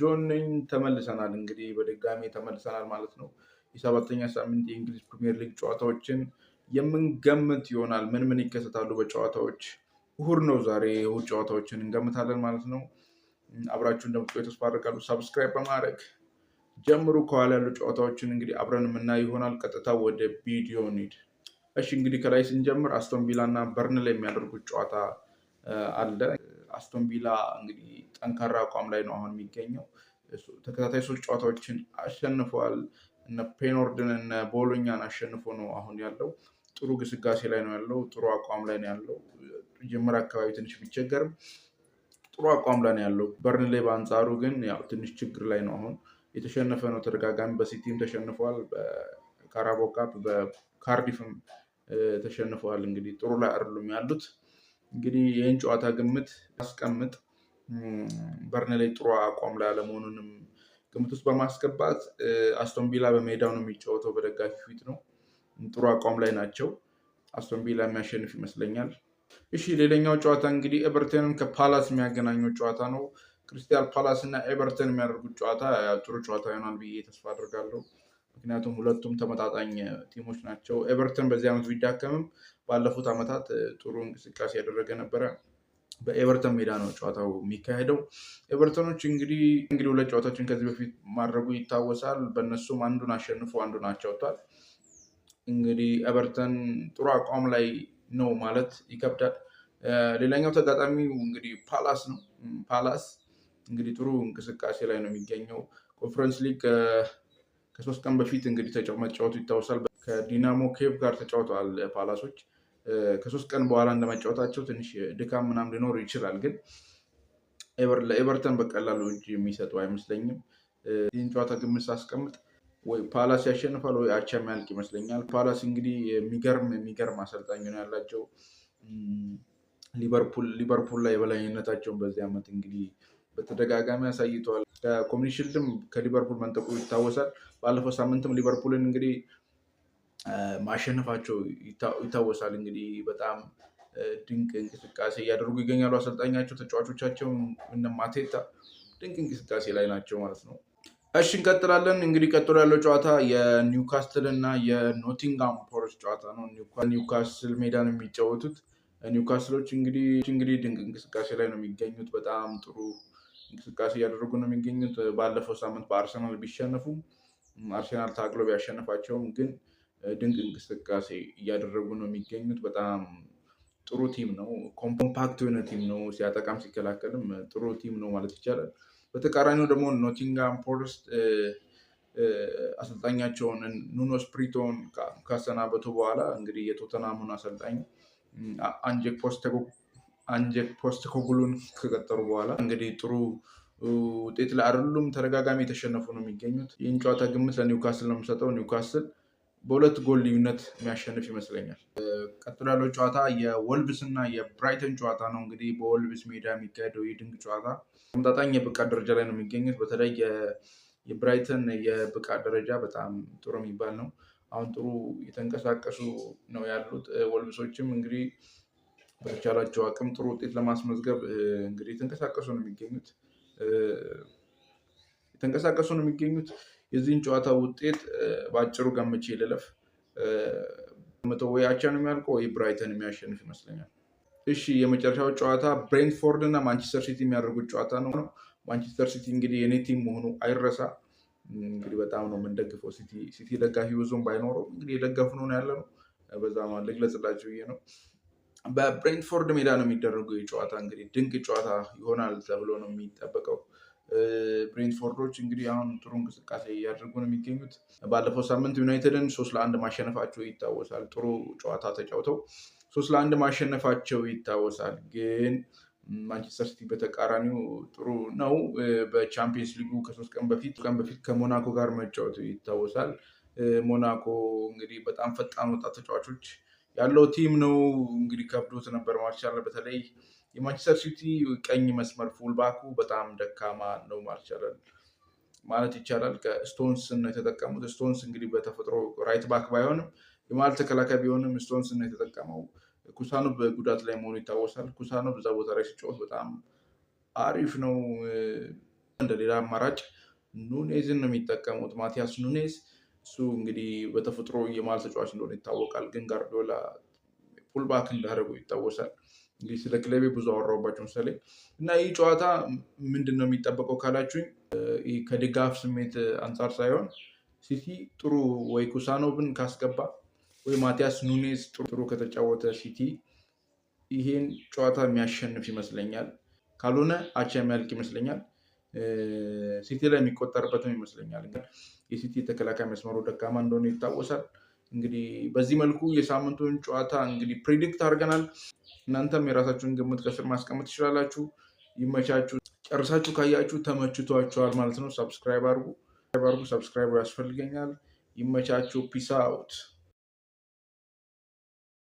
ጆን ነኝ። ተመልሰናል እንግዲህ በድጋሚ ተመልሰናል ማለት ነው። የሰባተኛ ሳምንት የእንግሊዝ ፕሪሚየር ሊግ ጨዋታዎችን የምንገምት ይሆናል። ምን ምን ይከሰታሉ በጨዋታዎች እሑድ ነው ዛሬ እሑድ ጨዋታዎችን እንገምታለን ማለት ነው። አብራችሁ እንደምትቆዩ ተስፋ አደርጋለሁ። ሳብስክራይብ በማድረግ ጀምሩ። ከኋላ ያሉ ጨዋታዎችን እንግዲህ አብረን የምናይ ይሆናል። ቀጥታ ወደ ቪዲዮ ኒድ። እሺ እንግዲህ ከላይ ስንጀምር አስቶን ቪላ እና በርንሌይ የሚያደርጉት ጨዋታ አለ። አስቶን ቪላ እንግዲህ ጠንካራ አቋም ላይ ነው አሁን የሚገኘው። ተከታታይ ሶስት ጨዋታዎችን አሸንፈዋል። እነ ፔኖርድን እነ ቦሎኛን አሸንፎ ነው አሁን ያለው። ጥሩ ግስጋሴ ላይ ነው ያለው። ጥሩ አቋም ላይ ነው ያለው። ጅምር አካባቢ ትንሽ ቢቸገርም ጥሩ አቋም ላይ ነው ያለው። በርንሌ በአንጻሩ ግን ያው ትንሽ ችግር ላይ ነው አሁን። የተሸነፈ ነው ተደጋጋሚ። በሲቲም ተሸንፏል፣ በካራቦካፕ በካርዲፍም ተሸንፈዋል። እንግዲህ ጥሩ ላይ አይደሉም ያሉት። እንግዲህ ይህን ጨዋታ ግምት አስቀምጥ በርንሌይ ጥሩ አቋም ላይ አለመሆኑንም ግምት ውስጥ በማስገባት አስቶንቢላ በሜዳው ነው የሚጫወተው፣ በደጋፊ ፊት ነው። ጥሩ አቋም ላይ ናቸው። አስቶንቢላ የሚያሸንፍ ይመስለኛል። እሺ፣ ሌላኛው ጨዋታ እንግዲህ ኤቨርተንን ከፓላስ የሚያገናኘው ጨዋታ ነው። ክሪስቲያል ፓላስ እና ኤቨርተን የሚያደርጉት ጨዋታ ጥሩ ጨዋታ ይሆናል ብዬ ተስፋ አድርጋለሁ። ምክንያቱም ሁለቱም ተመጣጣኝ ቲሞች ናቸው። ኤቨርተን በዚህ ዓመት ቢዳከምም ባለፉት ዓመታት ጥሩ እንቅስቃሴ ያደረገ ነበረ። በኤቨርተን ሜዳ ነው ጨዋታው የሚካሄደው። ኤቨርተኖች እንግዲህ እንግዲህ ሁለት ጨዋታዎችን ከዚህ በፊት ማድረጉ ይታወሳል። በእነሱም አንዱን አሸንፎ አንዱን አቻ እንግዲህ ኤቨርተን ጥሩ አቋም ላይ ነው ማለት ይከብዳል። ሌላኛው ተጋጣሚው እንግዲህ ፓላስ ነው። ፓላስ እንግዲህ ጥሩ እንቅስቃሴ ላይ ነው የሚገኘው ኮንፈረንስ ሊግ ከሶስት ቀን በፊት እንግዲህ መጫወቱ ይታወሳል። ከዲናሞ ኬቭ ጋር ተጫውተዋል ፓላሶች። ከሶስት ቀን በኋላ እንደመጫወታቸው ትንሽ ድካም ምናም ሊኖር ይችላል፣ ግን ለኤቨርተን በቀላሉ እጅ የሚሰጡ አይመስለኝም። ይህን ጨዋታ ግምት ሳስቀምጥ ወይ ፓላስ ያሸንፋል ወይ አቻ የሚያልቅ ይመስለኛል። ፓላስ እንግዲህ የሚገርም የሚገርም አሰልጣኝ ነው ያላቸው። ሊቨርፑል ላይ የበላይነታቸውን በዚህ ዓመት እንግዲህ በተደጋጋሚ አሳይተዋል። ከኮሚኒቲ ከሊቨርፑል መንጠቁ ይታወሳል። ባለፈው ሳምንትም ሊቨርፑልን እንግዲህ ማሸነፋቸው ይታወሳል። እንግዲህ በጣም ድንቅ እንቅስቃሴ እያደረጉ ይገኛሉ። አሰልጣኛቸው፣ ተጫዋቾቻቸው እነ ማቴታ ድንቅ እንቅስቃሴ ላይ ናቸው ማለት ነው። እሺ እንቀጥላለን። እንግዲህ ቀጥሎ ያለው ጨዋታ የኒውካስትል እና የኖቲንጋም ፎረስት ጨዋታ ነው። ኒውካስትል ሜዳ ነው የሚጫወቱት። ኒውካስትሎች እንግዲህ እንግዲህ ድንቅ እንቅስቃሴ ላይ ነው የሚገኙት። በጣም ጥሩ እንቅስቃሴ እያደረጉ ነው የሚገኙት። ባለፈው ሳምንት በአርሰናል ቢሸነፉም አርሰናል ታግሎ ቢያሸነፋቸውም ግን ድንቅ እንቅስቃሴ እያደረጉ ነው የሚገኙት። በጣም ጥሩ ቲም ነው። ኮምፓክት የሆነ ቲም ነው። ሲያጠቃም ሲከላከልም ጥሩ ቲም ነው ማለት ይቻላል። በተቃራኒው ደግሞ ኖቲንጋም ፎረስት አሰልጣኛቸውን ኑኖ ስፕሪቶን ካሰናበቱ በኋላ እንግዲህ የቶተናሙን አሰልጣኝ አንጀክ ፖስተ አንጀ ፖስት ኮጉሉን ከቀጠሩ በኋላ እንግዲህ ጥሩ ውጤት ላይ አይደሉም። ተደጋጋሚ የተሸነፉ ነው የሚገኙት። ይህን ጨዋታ ግምት ለኒውካስል ነው የምሰጠው። ኒውካስል በሁለት ጎል ልዩነት የሚያሸንፍ ይመስለኛል። ቀጥሎ ያለው ጨዋታ የወልብስ እና የብራይተን ጨዋታ ነው። እንግዲህ በወልብስ ሜዳ የሚካሄደው ይህ ጨዋታ ተመጣጣኝ የብቃት ደረጃ ላይ ነው የሚገኙት። በተለይ የብራይተን የብቃት ደረጃ በጣም ጥሩ የሚባል ነው። አሁን ጥሩ የተንቀሳቀሱ ነው ያሉት። ወልብሶችም እንግዲህ በተቻላቸው አቅም ጥሩ ውጤት ለማስመዝገብ እንግዲህ የተንቀሳቀሱ ነው የሚገኙት የተንቀሳቀሱ ነው የሚገኙት። የዚህን ጨዋታ ውጤት በአጭሩ ገምቼ ልለፍ። መቶ ወይ አቻ ነው የሚያልቀው ወይ ብራይተን የሚያሸንፍ ይመስለኛል። እሺ የመጨረሻው ጨዋታ ብሬንትፎርድ እና ማንቸስተር ሲቲ የሚያደርጉት ጨዋታ ነው። ነው ማንቸስተር ሲቲ እንግዲህ የኔ ቲም መሆኑ አይረሳ። እንግዲህ በጣም ነው የምንደግፈው ሲቲ ሲቲ ደጋፊ ብዙም ባይኖረው እንግዲህ የደጋፍ ነው ያለ ነው። በዛ ልግለጽላችሁ ብዬ ነው። በብሬንትፎርድ ሜዳ ነው የሚደረገው የጨዋታ እንግዲህ ድንቅ ጨዋታ ይሆናል ተብሎ ነው የሚጠበቀው። ብሬንትፎርዶች እንግዲህ አሁን ጥሩ እንቅስቃሴ እያደረጉ ነው የሚገኙት። ባለፈው ሳምንት ዩናይትድን ሶስት ለአንድ ማሸነፋቸው ይታወሳል። ጥሩ ጨዋታ ተጫውተው ሶስት ለአንድ ማሸነፋቸው ይታወሳል። ግን ማንቸስተር ሲቲ በተቃራኒው ጥሩ ነው። በቻምፒየንስ ሊጉ ከሶስት ቀን በፊት ቀን በፊት ከሞናኮ ጋር መጫወቱ ይታወሳል። ሞናኮ እንግዲህ በጣም ፈጣን ወጣት ተጫዋቾች ያለው ቲም ነው። እንግዲህ ከብዶት ነበር ማርሻል። በተለይ የማንቸስተር ሲቲ ቀኝ መስመር ፉልባኩ በጣም ደካማ ነው ማርሻል ማለት ይቻላል። ከስቶንስ ነው የተጠቀሙት። ስቶንስ እንግዲህ በተፈጥሮ ራይት ባክ ባይሆንም የመሀል ተከላካይ ቢሆንም ስቶንስ ነው የተጠቀመው። ኩሳኖ በጉዳት ላይ መሆኑ ይታወሳል። ኩሳኖ በዛ ቦታ ላይ ሲጫወት በጣም አሪፍ ነው። እንደሌላ አማራጭ ኑኔዝን ነው የሚጠቀሙት ማቲያስ ኑኔዝ እሱ እንግዲህ በተፈጥሮ የመሃል ተጫዋች እንደሆነ ይታወቃል። ግን ጋርዲዮላ ፑልባክን ላደረገው ይታወሳል። እንግዲህ ስለ ክለቤ ብዙ አወራባቸው ምሳሌ እና ይህ ጨዋታ ምንድን ነው የሚጠበቀው ካላችሁኝ ከድጋፍ ስሜት አንጻር ሳይሆን ሲቲ ጥሩ ወይ ኩሳኖብን ካስገባ ወይ ማቲያስ ኑኔዝ ጥሩ ከተጫወተ ሲቲ ይሄን ጨዋታ የሚያሸንፍ ይመስለኛል። ካልሆነ አቻ የሚያልቅ ይመስለኛል። ሲቲ ላይ የሚቆጠርበትም ይመስለኛል። የሲቲ ተከላካይ መስመሩ ደካማ እንደሆነ ይታወሳል። እንግዲህ በዚህ መልኩ የሳምንቱን ጨዋታ እንግዲህ ፕሪዲክት አድርገናል። እናንተም የራሳችሁን ግምት ከስር ማስቀመጥ ትችላላችሁ። ይመቻችሁ። ጨርሳችሁ ካያችሁ ተመችቷችኋል ማለት ነው። ሰብስክራይብ አድርጉ፣ ሰብስክራይብ ያስፈልገኛል። ይመቻችሁ። ፒስ አውት